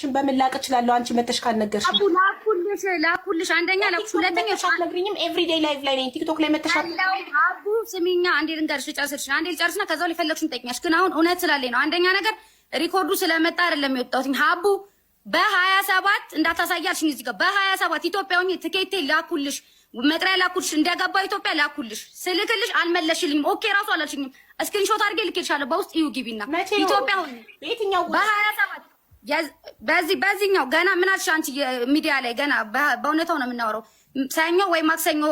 ሽን በምን ላቅ እችላለሁ? አንቺ መተሽ ካልነገርሽ ላኩልሽ ላኩልሽ። አንደኛ ላኩልሽ፣ ሁለተኛ አልነግሪኝም። ኤቭሪዴይ ላይቭ ላይ ነኝ። ቲክቶክ ላይ መተሽ አቡ ስሚኛ፣ አንዴ ልንገርሽ፣ ጨርስልሽ፣ አንዴ ልጨርስና ከዛው ሊፈለግሽን ጠቅኛሽ። ግን አሁን እውነት ስላለኝ ነው። አንደኛ ነገር ሪኮርዱ ስለመጣ አይደለም የወጣሁትኝ። ሀቡ በሀያ ሰባት እንዳታሳያልሽኝ እዚህ ጋር በሀያ ሰባት ኢትዮጵያ ሆኜ ትኬቴ ላኩልሽ መጥሪያ ላኩልሽ እንደገባ ኢትዮጵያ ላኩልሽ። ስልክልሽ አልመለሽልኝም። ኦኬ ራሱ አላልሽኝም። እስክሪንሾት አድርጌ ልኬልሻለሁ። በውስጥ እዩ ግቢና ኢትዮጵያ ሆኜ በሀያ ሰባት በዚህ በዚህኛው ገና ምን አልሽ አንቺ ሚዲያ ላይ ገና በእውነታው ነው የምናወራው። ሰኞ ወይ ማክሰኞ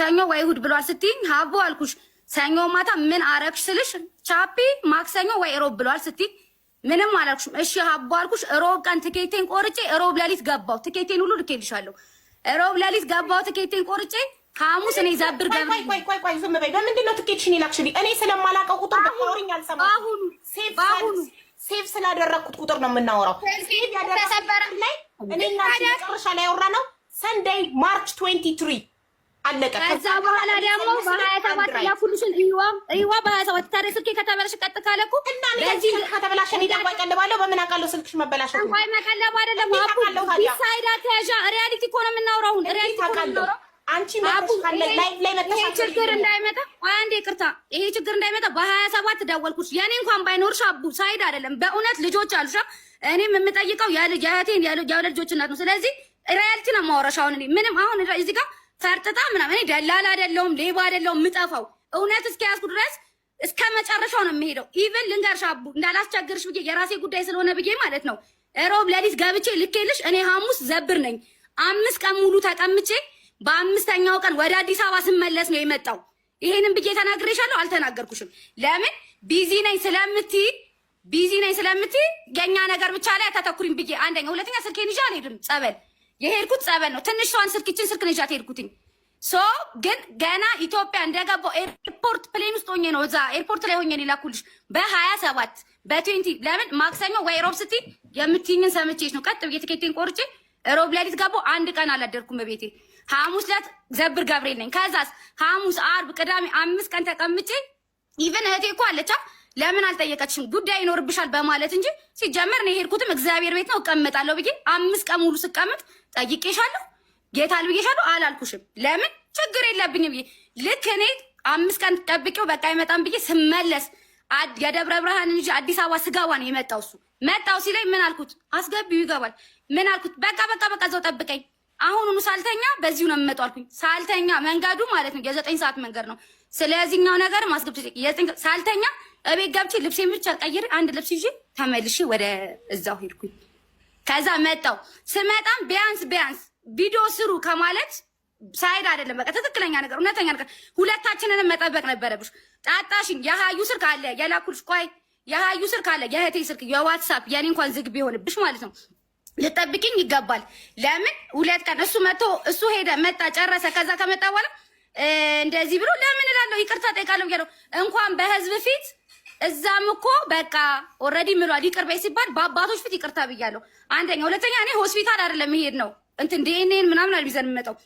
ሰኞ ወይ እሑድ ብሏል ስትይኝ ሀቦ አልኩሽ። ሰኞ ማታ ምን አረግሽ ስልሽ ቻፒ ማክሰኞ ወይ ሮብ ብሏል ስትይኝ ምንም አላልኩሽም። እሺ ሀቦ አልኩሽ። ሮብ ቀን ትኬቴን ቆርጬ ሮብ ለሊት ገባው። ትኬቴን ሁሉ ልኬልሻለሁ። ሮብ ለሊት ገባው ትኬቴን ቆርጬ ሐሙስ እኔ ዘብር ገብ ቆይ ዝም በይ። በምንድን ነው ትኬትሽን ይላክሽልኝ? እኔ ስለማላውቀው ቁጥር ደሆርኝ አልሰማ ሴቭ ስላደረግኩት ቁጥር ነው የምናወራው። እኔና መጨረሻ ላይ ያወራ ነው ሰንደይ ማርች ትዌንቲ ትሪ አለቀ። ከዛ በኋላ ደግሞ በሀያ ሰባት እዋ በሀያ ሰባት ታዲያ ስልኬ ከተበላሽ ቀጥ ካለ እኮ እና ከተበላሸ እኔ ደግሞ በምን አውቃለሁ? ስልክሽ መበላሸት እንኳን መቀለብ አይደለም። ቢሳይዳ ተያዣ ሪያሊቲ እኮ ነው የምናወራው። ሪያሊቲ እኮ አንቺ ይሄ ችግር እንዳይመጣ አንዴ ይቅርታ፣ ይሄ ችግር እንዳይመጣ በሀያ ሰባት ደወልኩሽ። የኔ እንኳን ባይኖርሽ አቡ ሳይድ አይደለም በእውነት ልጆች አሉሻ። እኔም የምጠይቀው የእህቴን የሁለት ልጆች እናት ነው። ስለዚህ ሪያልቲ ነው የማወራሽ። አሁን ምንም አሁን እዚህ ጋር ፈርጥጣ ምናምን እኔ ደላላ አይደለሁም ሌባ አይደለሁም የምጠፋው እውነት እስከያዝኩ ድረስ እስከ መጨረሻው ነው የሚሄደው። ኢቨን ልንገርሽ አቡ እንዳላስቸግርሽ ብዬ የራሴ ጉዳይ ስለሆነ ብዬ ማለት ነው። ሮብ ሌሊት ገብቼ ልኬልሽ እኔ ሐሙስ ዘብር ነኝ አምስት ቀን ሙሉ ተቀምጬ በአምስተኛው ቀን ወደ አዲስ አበባ ስመለስ ነው የመጣው። ይሄንን ብዬ ተናግሬሻለሁ አልተናገርኩሽም? ለምን ቢዚ ነኝ ስለምት ቢዚ ነኝ ስለምት የእኛ ነገር ብቻ ላይ አታተኩሪም ብዬ አንደኛ። ሁለተኛ ስልኬን ይዤ አልሄድም ጸበል። የሄድኩት ጸበል ነው። ትንሽ ሰዋን ስልክችን ስልክ ነዣት ሄድኩትኝ ሶ ግን ገና ኢትዮጵያ እንደገባው ኤርፖርት ፕሌን ውስጥ ሆኜ ነው እዛ ኤርፖርት ላይ ሆኜ ይላኩልሽ በሀያ ሰባት በትዌንቲ ለምን ማክሰኞ ወይ ሮብ ስቲ የምትይኝን ሰምቼች ነው ቀጥ ብዬ ትኬቴን ቆርጬ ሮብ ለሊት ገባሁ። አንድ ቀን አላደርኩም በቤቴ ሐሙስ ዕለት ዘብር ገብርኤል ነኝ። ከዛስ ሐሙስ፣ አርብ፣ ቅዳሜ አምስት ቀን ተቀምጬ ኢቨን እህቴ እኮ አለቻ ለምን አልጠየቀችም ጉዳይ ይኖርብሻል በማለት እንጂ ሲጀመር ነው የሄድኩትም እግዚአብሔር ቤት ነው እቀመጣለሁ ብዬ አምስት ቀን ሙሉ ስቀምጥ ጠይቄሻለሁ ጌታ አልብዬሻለሁ አላልኩሽም። ለምን ችግር የለብኝም ብዬ ልክ እኔ አምስት ቀን ጠብቄው በቃ አይመጣም ብዬ ስመለስ የደብረ ብርሃን እንጂ አዲስ አበባ ስገባ ነው የመጣው እሱ መጣው ሲለኝ ምን አልኩት? አስገቢው ይገባል። ምን አልኩት? በቃ በቃ በቃ እዛው ጠብቀኝ አሁኑኑ ሳልተኛ በዚሁ ነው የምመጣው አልኩኝ። ሳልተኛ መንገዱ ማለት ነው የዘጠኝ ሰዓት መንገድ ነው። ስለዚህኛው ነገር ማስገብት ሳልተኛ እቤት ገብቼ ልብሴን ብቻ ቀይሬ አንድ ልብስ ይዤ ተመልሼ ወደ እዛው ሄድኩኝ። ከዛ መጣው ስመጣም ቢያንስ ቢያንስ ቪዲዮ ስሩ ከማለት ሳይድ አይደለም በቃ ትክክለኛ ነገር እውነተኛ ነገር ሁለታችንንም መጠበቅ ነበረብሽ። ጣጣሽኝ የሀዩ ስልክ አለ የላኩልሽ ቆይ የሀዩ ስልክ አለ የእህቴ ስልክ የዋትሳፕ የኔ እንኳን ዝግ ቢሆንብሽ ማለት ነው ልጠብቅኝ ይገባል። ለምን ሁለት ቀን እሱ መቶ እሱ ሄደ መጣ ጨረሰ። ከዛ ከመጣ በኋላ እንደዚህ ብሎ ለምን እላለሁ፣ ይቅርታ ጠይቃለሁ ብያለሁ። እንኳን በህዝብ ፊት እዛም እኮ በቃ ኦልሬዲ ምሏል። ይቅር በይ ሲባል በአባቶች ፊት ይቅርታ ብያለሁ። አንደኛ፣ ሁለተኛ እኔ ሆስፒታል አይደለም ይሄድ ነው እንትን ዲኤንኤን ምናምን አልሚዘን የምመጣው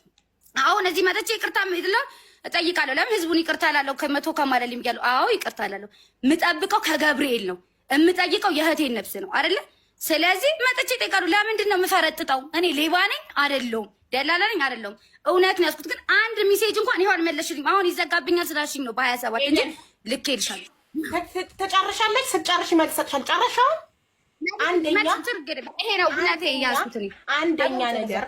አሁን እዚህ መጥቼ ይቅርታ ምድለው እጠይቃለሁ። ለምን ህዝቡን ይቅርታ እላለሁ። ከመቶ ከማለልኝ ብያለሁ። አዎ ይቅርታ ላለሁ። የምጠብቀው ከገብርኤል ነው። የምጠይቀው የእህቴን ነፍስ ነው አይደለም ስለዚህ መጥቼ ጠይቃሉ። ለምንድን ነው የምፈረጥጠው? እኔ ሌባ ነኝ አይደለሁም፣ ደላላ ነኝ አይደለሁም። እውነት ነው ያዝኩት። ግን አንድ ሚሴጅ እንኳን ይኸው አልመለሽልኝ። አሁን ይዘጋብኛል ስላልሽኝ ነው በሀያ ሰባት እንጂ ልክ ይልሻል። ተጨርሻለች። ስትጨርሽ ይመልሰቅሻል። ጨረሻው አንደኛ ይሄ ነው እውነቴ። ያዝኩት አንደኛ ነገር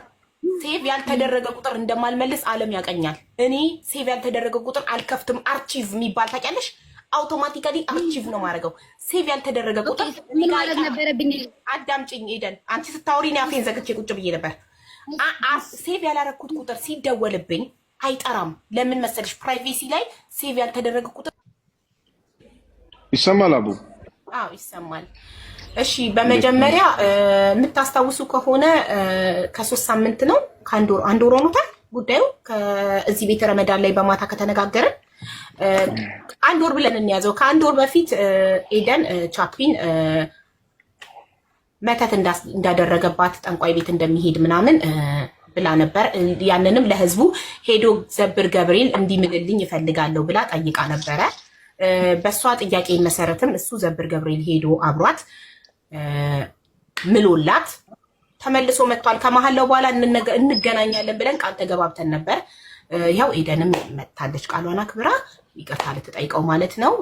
ሴቭ ያልተደረገ ቁጥር እንደማልመልስ ዓለም ያቀኛል። እኔ ሴቭ ያልተደረገ ቁጥር አልከፍትም። አርቺቭ የሚባል ታውቂያለሽ? አውቶማቲካሊ አርቺቭ ነው ማድረገው። ሴቭ ያልተደረገ ቁጥር አዳምጪኝ፣ ሄደን አንቺ ስታወሪ እኔ አፌን ዘግቼ ቁጭ ብዬ ነበር። ሴቭ ያላረኩት ቁጥር ሲደወልብኝ አይጠራም። ለምን መሰለሽ? ፕራይቬሲ ላይ ሴቭ ያልተደረገ ቁጥር ይሰማል። አቡ አዎ ይሰማል። እሺ በመጀመሪያ የምታስታውሱ ከሆነ ከሶስት ሳምንት ነው ከአንድ ወር አንድ ወር ሆኖታል ጉዳዩ ከእዚህ ቤተ ረመዳን ላይ በማታ ከተነጋገርን አንድ ወር ብለን እንያዘው። ከአንድ ወር በፊት ኤደን ቻፕሊን መተት እንዳደረገባት ጠንቋይ ቤት እንደሚሄድ ምናምን ብላ ነበር። ያንንም ለህዝቡ ሄዶ ዘብር ገብርኤል እንዲምልልኝ ይፈልጋለሁ ብላ ጠይቃ ነበረ። በእሷ ጥያቄ መሰረትም እሱ ዘብር ገብርኤል ሄዶ አብሯት ምሎላት ተመልሶ መጥቷል። ከመሀላው በኋላ እንገናኛለን ብለን ቃል ተገባብተን ነበር። ያው ኤደንም መታለች ቃሏን አክብራ ይቅርታ ልትጠይቀው ማለት ነው።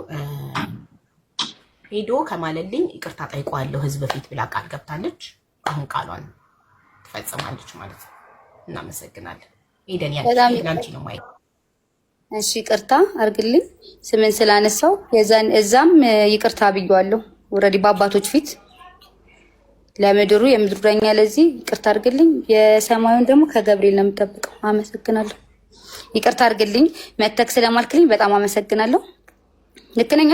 ሄዶ ከማለልኝ ይቅርታ ጠይቀዋለሁ ህዝብ ፊት ብላ ቃል ገብታለች። አሁን ቃሏን ትፈጽማለች ማለት ነው። እናመሰግናለን ኤደን። ያንቺ ነው ማየት እሺ ይቅርታ አርግልኝ ስምን ስላነሳው የዛን እዛም ይቅርታ ብያዋለሁ። ኦልሬዲ በአባቶች ፊት ለምድሩ የምድሩ ዳኛ ለዚህ ይቅርታ አርግልኝ። የሰማዩን ደግሞ ከገብርኤል ነው የምጠብቀው። አመሰግናለሁ። ይቅርታ አድርግልኝ። መተክ ስለማልክልኝ በጣም አመሰግናለሁ። ልክነኛ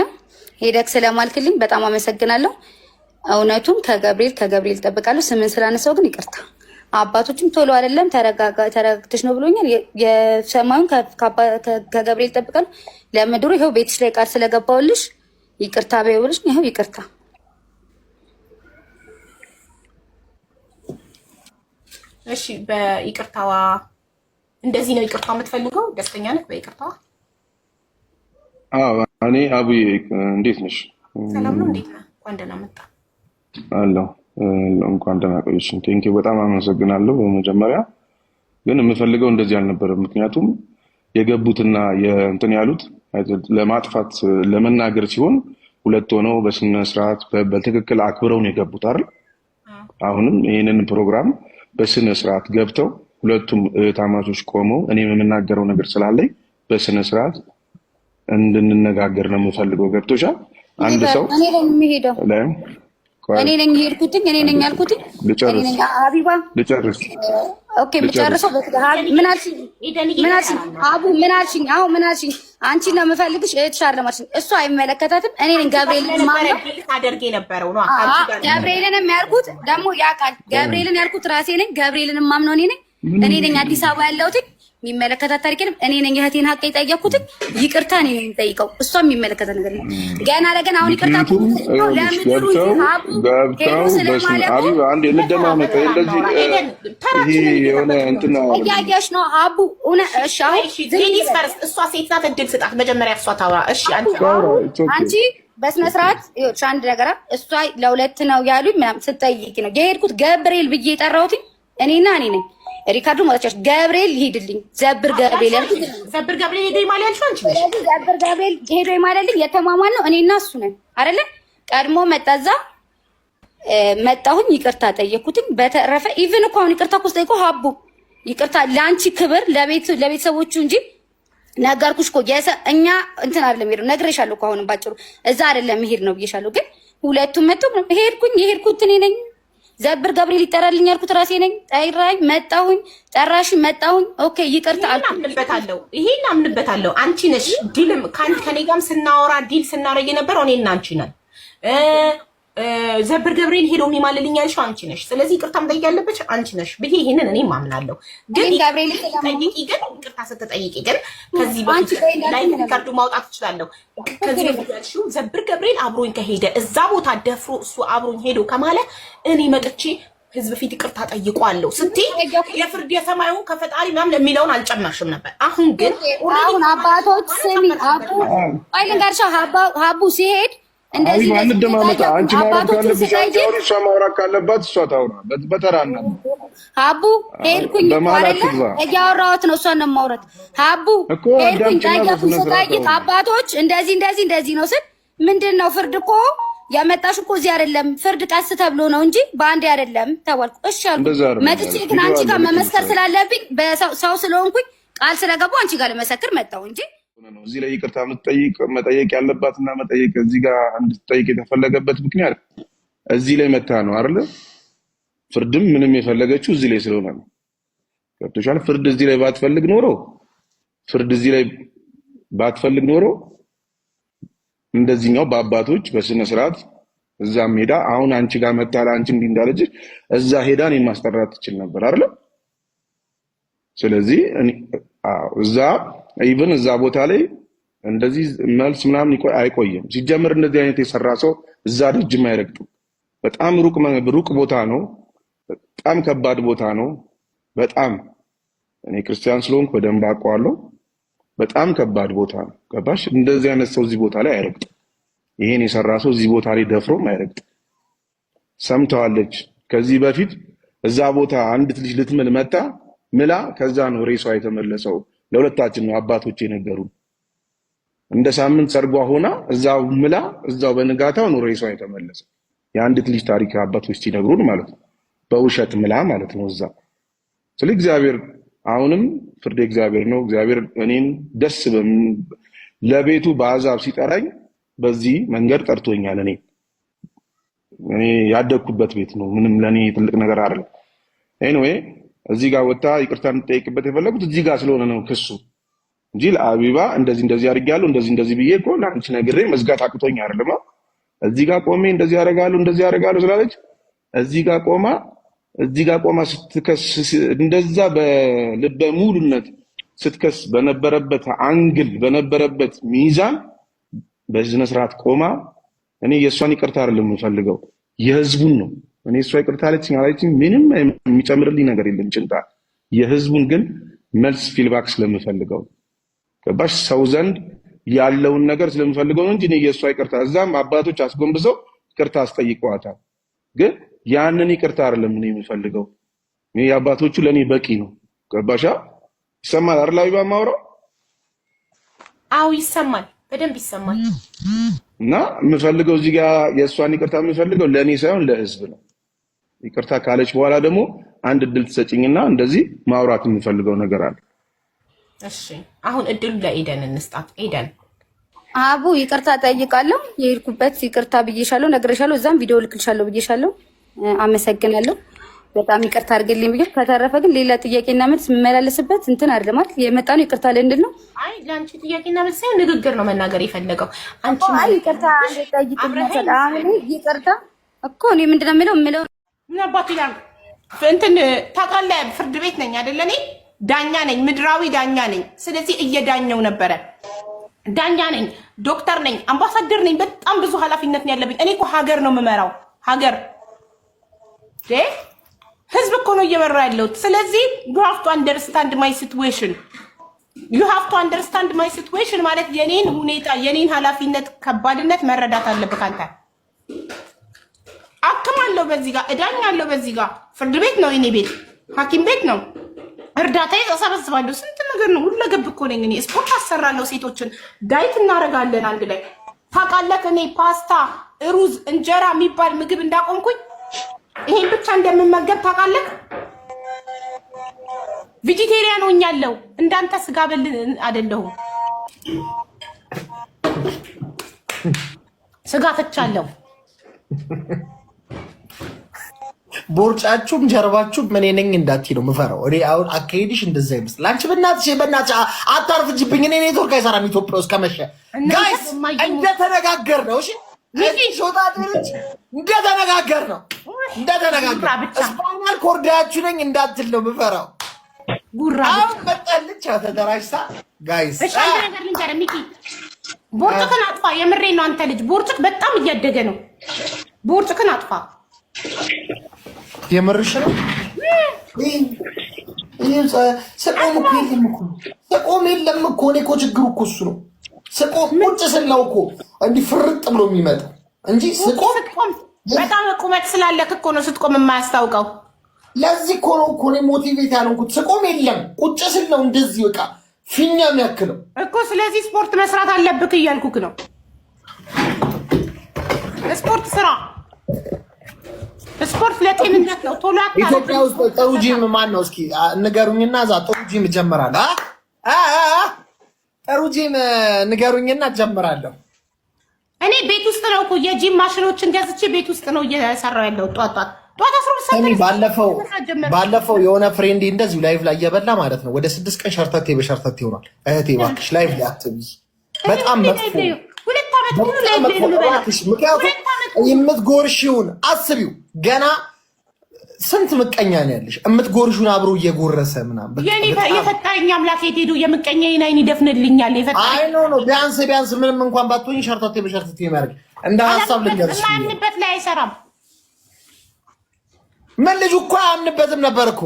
ሄደክ ስለማልክልኝ በጣም አመሰግናለሁ። እውነቱም ከገብርኤል ከገብርኤል እጠብቃለሁ። ስምን ስላነሳው ግን ይቅርታ። አባቶችም ቶሎ አይደለም ተረጋግተሽ ነው ብሎኛል። የሰማዩን ከገብርኤል እጠብቃለሁ። ለምድሩ ይኸው ቤትሽ ላይ ቃል ስለገባውልሽ ይቅርታ በይውልሽ። ይኸው ይቅርታ እሺ በይቅርታዋ እንደዚህ ነው ይቅርታ የምትፈልገው? ደስተኛ ነህ በይቅርታ? አዎ። እኔ አብዬ እንዴት ነሽ? ሰላም ነው። እንዴት ነህ? እንኳን ደህና መጣህ አለው። እንኳን ደህና ቆየሽን። በጣም አመሰግናለሁ። በመጀመሪያ ግን የምፈልገው እንደዚህ አልነበረም። ምክንያቱም የገቡትና የእንትን ያሉት ለማጥፋት ለመናገር ሲሆን ሁለት ሆነው በስነ ስርዓት በትክክል አክብረውን ይገቡታል። የገቡት አይደል? አሁንም ይህንን ፕሮግራም በስነ ስርዓት ገብተው ሁለቱም እህታማቾች ቆመው እኔ የምናገረው ነገር ስላለኝ በስነ ስርዓት እንድንነጋገር ነው የምፈልገው። ገብቶሻል? አንድ ሰው እኔ ነኝ የሄድኩትኝ እኔ ነኝ ያልኩትኝ ሀቢባ ልጨርስ ብጨርሰው አሁን ነው የምፈልግሽ እህትሽ እሱ አይመለከታትም። እኔ ነኝ ገብርኤልን ነው ገብርኤልንም ያልኩት ደግሞ ያውቃል። ገብርኤልን ያልኩት ራሴ ነኝ። ገብርኤልን ማምነው እኔ ነኝ እኔ ነኝ አዲስ አበባ ያለሁት የሚመለከታት ታሪክንም እኔ ነኝ እህቴን ሀቅ የጠየኩት። ይቅርታ እኔ ነኝ የምጠይቀው፣ እሷ የሚመለከታት ነገር ነው። ገና ለገና አሁን ይቅርታ እያየሽ ነው አቡ። እሺ እሷ ሴት ናት፣ እድል ስጣት መጀመሪያ እሷ ታውራ። እሺ አንቺ በስነ ስርዓት ይኸውልሽ፣ አንድ ነገር እሷ ለሁለት ነው ያሉኝ ምናምን ስትጠይቂ ነው የሄድኩት። ገብርኤል ብዬ የጠራሁት እኔና እኔ ነኝ ሪካርዶ ማለት ገብርኤል ሂድልኝ ዘብር ገብርኤል ዘብር ገብርኤል ሄደ ይማል ያልሽ አንቺ ነሽ። ዘብር ገብርኤል ሄዶ ይማልልኝ የተማማል ነው። እኔና እሱ ነን አይደለ? ቀድሞ መጣዛ መጣሁኝ፣ ይቅርታ ጠየኩትኝ። በተረፈ ኢቭን እኮ አሁን ይቅርታ እኮ ስጠይቆ ሀቡ ይቅርታ ለአንቺ ክብር ለቤት ለቤተሰቦቹ እንጂ ነገርኩሽ እኮ እኛ እንትን አይደለም ሄደው ነግሬሻለሁ እኮ አሁንም ባጭሩ እዛ አይደለም ሄድ ነው ብዬሻለሁ። ግን ሁለቱም መጥቶ ሄድኩኝ የሄድኩት እኔ ነኝ ዘብር ገብርኤል ይጠራልኝ ያልኩት ራሴ ነኝ። ጠራኝ መጣሁኝ፣ ጠራሽ መጣሁኝ። ኦኬ ይቅርታ አልኩ። አምንበታለሁ፣ ይሄን አምንበታለሁ። አንቺ ነሽ ዲልም ከኔ ጋርም ስናወራ ዲል ስናረግ የነበረው እኔና አንቺ ነን። ዘብር ገብርኤል ሄዶ ሊማልልኝ ያልሽው አንቺ ነሽ። ስለዚህ ይቅርታ መጠየቅ ያለበች አንቺ ነሽ ብዬ ይህንን እኔ ማምናለሁ። ግን ገብርኤል ጠይቂ፣ ግን ይቅርታ ስትጠይቂ ግን ከዚህ ላይ ሪካርዱ ማውጣት እችላለሁ። ከዚህ በፊት ያልሽው ዘብር ገብርኤል አብሮኝ ከሄደ እዛ ቦታ ደፍሮ እሱ አብሮኝ ሄዶ ከማለ እኔ መጥቼ ህዝብ ፊት ይቅርታ ጠይቋለሁ ስትይ የፍርድ የሰማዩ ከፈጣሪ ምናምን የሚለውን አልጨመርሽም ነበር። አሁን ግን አባቶች ስሚ ሀቡ ሲሄድ እንደዚህ አንደማመጣ አንቺ ማውራት ካለብሽ አንቺ አውሪ፣ እሷ ማውራት ካለባት እሷ ታውራ። በተራና ሀቡ ሄድኩኝ አይደል? እያወራሁት ነው። እሷን ነው ማውራት ሀቡ ሄድኩኝ ጠየቁ፣ ስጠይቅ አባቶች እንደዚህ እንደዚህ እንደዚህ ነው ስል ምንድን ነው ፍርድ እኮ ያመጣሽ እኮ እዚህ አይደለም ፍርድ ቀስ ተብሎ ነው እንጂ በአንዴ አይደለም ተባልኩ። እሺ አልኩ። መጥቼ ግን አንቺ ጋር መመስከር ስላለብኝ በሰው ስለሆንኩኝ ቃል ስለገቡ አንቺ ጋር ለመሰክር መጣሁ እንጂ ነው። እዚህ ላይ ይቅርታ የምትጠይቅ መጠየቅ ያለባት እና መጠየቅ እዚህ ጋር እንድትጠይቅ የተፈለገበት ምክንያት እዚህ ላይ መታ ነው አይደለ? ፍርድም ምንም የፈለገችው እዚህ ላይ ስለሆነ ነው። ገብቶሻል? ፍርድ እዚህ ላይ ባትፈልግ ኖሮ ፍርድ እዚህ ላይ ባትፈልግ ኖሮ እንደዚህኛው በአባቶች በስነ ስርዓት እዛም ሄዳ አሁን አንቺ ጋር መታ ለአንቺ እንዲህ እንዳለች እዛ ሄዳን የማስጠራት ትችል ነበር አይደለ? ስለዚህ እዛ ኢቨን እዛ ቦታ ላይ እንደዚህ መልስ ምናምን አይቆይም። ሲጀምር እንደዚህ አይነት የሰራ ሰው እዛ ደጅም አይረግጥም። በጣም ሩቅ ቦታ ነው። በጣም ከባድ ቦታ ነው። በጣም እኔ ክርስቲያን ስለሆንኩ በደንብ አውቀዋለሁ። በጣም ከባድ ቦታ ነው። ገባሽ? እንደዚህ አይነት ሰው እዚህ ቦታ ላይ አይረግጥም። ይሄን የሰራ ሰው እዚህ ቦታ ላይ ደፍሮም አይረግጥም። ሰምተዋለች። ከዚህ በፊት እዛ ቦታ አንዲት ልጅ ልትምል መጣ፣ ምላ ከዛ ነው ሬሷ የተመለሰው። ለሁለታችን ነው አባቶች የነገሩ። እንደ ሳምንት ሰርጓ ሆና እዛው ምላ እዛው በንጋታው ኑሮ ሬሷ የተመለሰ። የአንዲት ልጅ ታሪክ አባቶች ሲነግሩን ማለት ነው፣ በውሸት ምላ ማለት ነው እዛ። ስለ እግዚአብሔር አሁንም ፍርድ እግዚአብሔር ነው። እግዚአብሔር እኔን ደስ ለቤቱ በአዛብ ሲጠራኝ በዚህ መንገድ ጠርቶኛል። እኔ እኔ ያደግኩበት ቤት ነው። ምንም ለእኔ ትልቅ ነገር አይደለም። ኤኒዌይ እዚህ ጋር ወታ ይቅርታ የምትጠይቅበት የፈለጉት እዚህ ጋር ስለሆነ ነው ክሱ እንጂ ለአቢባ እንደዚህ እንደዚህ አድርጌያለሁ እንደዚህ እንደዚህ ብዬ እኮ ለአንቺ ነግሬ መዝጋት አቅቶኝ አይደለም። እዚህ ጋር ቆሜ እንደዚህ ያደርጋሉ እንደዚህ ያደርጋሉ ስላለች እዚህ ጋር ቆማ እዚህ ጋር ቆማ ስትከስ እንደዛ በልበ ሙሉነት ስትከስ በነበረበት አንግል በነበረበት ሚዛን በስነ ስርዓት ቆማ እኔ የእሷን ይቅርታ አይደለም የምፈልገው የህዝቡን ነው። እኔ እሷ ይቅርታ አለችኝ አላለችኝ ምንም የሚጨምርልኝ ነገር የለም። ጭንጣ የህዝቡን ግን መልስ ፊልባክ ስለምፈልገው ገባሽ ሰው ዘንድ ያለውን ነገር ስለምፈልገው ነው እንጂ የእሷ ይቅርታ እዛም አባቶች አስጎንብሰው ይቅርታ አስጠይቀዋታል። ግን ያንን ይቅርታ አይደለም እኔ የምፈልገው። የአባቶቹ ለእኔ በቂ ነው። ገባሻ? ይሰማል አርላዊ አቢባ ማውራው አው ይሰማል፣ በደንብ ይሰማል። እና የምፈልገው እዚህ ጋር የእሷን ይቅርታ የምፈልገው ለእኔ ሳይሆን ለህዝብ ነው። ይቅርታ ካለች በኋላ ደግሞ አንድ እድል ትሰጭኝና እንደዚህ ማውራት የምፈልገው ነገር አለ። እሺ አሁን እድሉ ለኤደን እንስጣት። ኤደን አቡ ይቅርታ ጠይቃለሁ። የሄድኩበት ይቅርታ ብዬሻለሁ፣ ነግሬሻለሁ፣ እዛም ቪዲዮ ልክልሻለሁ ብዬሻለሁ። አመሰግናለሁ። በጣም ይቅርታ አድርግልኝ ብዬ ከተረፈ ግን ሌላ ጥያቄና መልስ የምመላለስበት እንትን አይደለም የመጣ ነው። ይቅርታ ልንድል ነው። አይ ለአንቺ ጥያቄና መልስ ሳይሆን ንግግር ነው መናገር የፈለገው አንቺ። ይቅርታ ጠይቅ ይቅርታ እኮ እኔ ምንድን የምለው የምለው ምን አባቱ ይላል እንትን ታውቃለህ፣ ፍርድ ቤት ነኝ አይደለ? እኔ ዳኛ ነኝ፣ ምድራዊ ዳኛ ነኝ። ስለዚህ እየዳኘው ነበረ። ዳኛ ነኝ፣ ዶክተር ነኝ፣ አምባሳደር ነኝ። በጣም ብዙ ኃላፊነት ያለብኝ። እኔ እኮ ሀገር ነው የምመራው። ሀገር ህዝብ እኮ ነው እየመራ ያለሁት። ስለዚህ ዩ ሃቭ ቱ አንደርስታንድ ማይ ሲትዌሽን ዩ ሃቭ ቱ አንደርስታንድ ማይ ሲትዌሽን ማለት የኔን ሁኔታ የኔን ኃላፊነት ከባድነት መረዳት አለብህ አንተ አክም አለው በዚህ ጋር አለው በዚህ ጋር ፍርድ ቤት ነው የኔ ቤት፣ ሐኪም ቤት ነው። እርዳታ እሰበስባለሁ። ስንት ነገር ነው። ሁለገብ እኮ ነኝ እኔ። ስፖርት አሰራለሁ። ሴቶችን ዳይት እናደርጋለን አንድ ላይ ታውቃለህ። እኔ ፓስታ፣ ሩዝ፣ እንጀራ የሚባል ምግብ እንዳቆምኩኝ ይሄን ብቻ እንደምመገብ ታውቃለህ። ቪጂቴሪያን ሆኛለሁ። እንዳንተ ስጋ በል አይደለሁም። ስጋ ትቻለሁ። ቦርጫችሁም ጀርባችሁም እኔ ነኝ እንዳት ነው የምፈራው። እኔ አሁን አካሄድሽ እንደዛ ይመስል አንቺ በእናትሽ በእናትሽ አታርፍጅብኝ። እኔ ኔትወርክ አይሰራም ኢትዮጵያ ውስጥ ከመሸ ጋይስ፣ እንደተነጋገር ነው እንደተነጋገር ነው እንደተነጋገር ስፓይናል ኮርዳያችሁ ነኝ እንዳትል ነው የምፈራው። አሁን መጣልች ተደራጅታ ጋይስ ቦርጭክን አጥፋ። የምሬ ነው አንተ ልጅ ቦርጭክ በጣም እያደገ ነው። ቦርጭክን አጥፋ። የምርሽ ነው። ስቆም እኮ የለም እኮ ስቆም የለም እኮ እኔ እኮ ችግሩ እኮ እሱ ነው። ስቆም ቁጭ ስለው እኮ እንዲህ ፍርጥ ብሎ የሚመጣው እንጂ ስቆም በጣም ቁመት ስላለክ እኮ ነው ስትቆም የማያስታውቀው። ለዚህ እኮ ነው እኮ እኔ ሞቲቬት ያለንኩት። ስቆም የለም ቁጭ ስል እንደዚህ በቃ ፊኛ የሚያክለው እኮ። ስለዚህ ስፖርት መስራት አለብክ እያልኩክ ነው። ስፖርት ስራ ስፖርት ለጤንነት ነው። ቶሎ አካል ኢትዮጵያ ውስጥ ጥሩ ጂም ማን ነው? እስኪ ንገሩኝና እዛ ጥሩ ጂም እጀምራለሁ። ጥሩ ጂም ንገሩኝና እጀምራለሁ። እኔ ቤት ውስጥ ነው እኮ የጂም ማሽኖችን ገዝቼ ቤት ውስጥ ነው እየሰራሁ ያለው። ጧት ጧት ጧት አስሮ ባለፈው ባለፈው የሆነ ፍሬንድ እንደዚህ ላይቭ ላይ እየበላ ማለት ነው ወደ ስድስት ቀን ሸርተቴ በሸርተቴ ሆኗል። እህቴ እባክሽ ላይቭ ላይ አትብይ፣ በጣም መጥፎ ሁለት አመት ሙሉ ላይ ነው ምክንያቱም የምትጎርሺውን አስቢው። ገና ስንት ምቀኛ ነው ያለሽ? የምትጎርሹን አብሮ እየጎረሰ ምናምን የፈጣኝ አምላክ የት ሄዱ? የምቀኛዬን አይን ይደፍንልኛል። አይ ቢያንስ ቢያንስ ምንም እንኳን ባትሆኝ ሸርታቴ በሸርታቴ የሚያደርግ እንደ ሀሳብ ልንገርሽ፣ ማንበት ላይ አይሰራም። ምን ልጁ እኮ አያምንበትም ነበር እኮ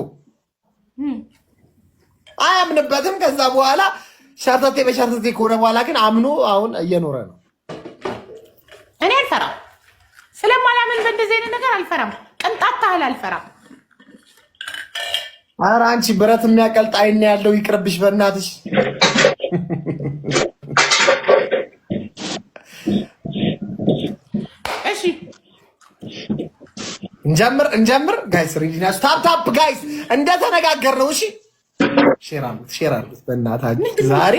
አያምንበትም። ከዛ በኋላ ሸርታቴ በሸርታቴ ከሆነ በኋላ ግን አምኖ አሁን እየኖረ ነው። እኔ አልፈራም ስለማላምን በእንደዚህ አይነት ነገር አልፈራም። ቅንጣት ታህል አልፈራም። ኧረ አንቺ ብረት የሚያቀልጥ አይን ያለው ይቅርብሽ፣ በእናትሽ እሺ። እንጀምር እንጀምር ጋይስ፣ ሪዲናስ ታፕ ታፕ ጋይስ፣ እንደተነጋገርነው እሺ። ሼር አድርጉት፣ ሼር አድርጉት በእናታችሁ ዛሬ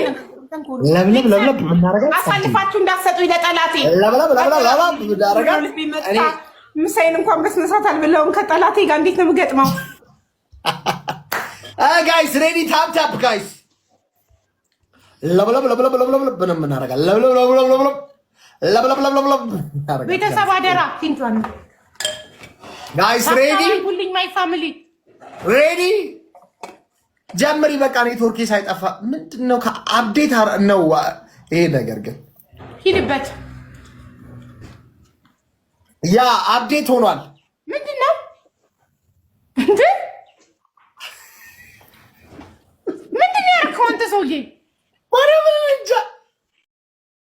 ለምለም ለምለም ምናረጋት አሳልፋችሁ እንዳትሰጡኝ ለጠላቴ። ለምለም ለምለም ምናረጋት ምሳዬን እንኳን በስነ ስርዓት ከጠላቴ ጋር እንዴት ነው የምገጥመው? ጋይስ ሬዲ ታፕ ታፕ ጋይስ። ለምለም ለምለም ለምለም ለምለም ምናረጋት ለምለም ለምለም ለምለም ለምለም ለምለም ለምለም ቤተሰብ አደራ ፊንቷን ጋይስ ሬዲ ሁሉኝ ማይ ፋሚሊ ሬዲ ጀምሪ በቃ ኔትወርክ ሳይጠፋ ምንድን ነው ከአፕዴት ነው ይሄ ነገር ግን ሂድበት ያ አብዴት ሆኗል ምንድን ነው ምንድን ነው ያደረገው አንተ ሰውዬ ማርያምን እንጃ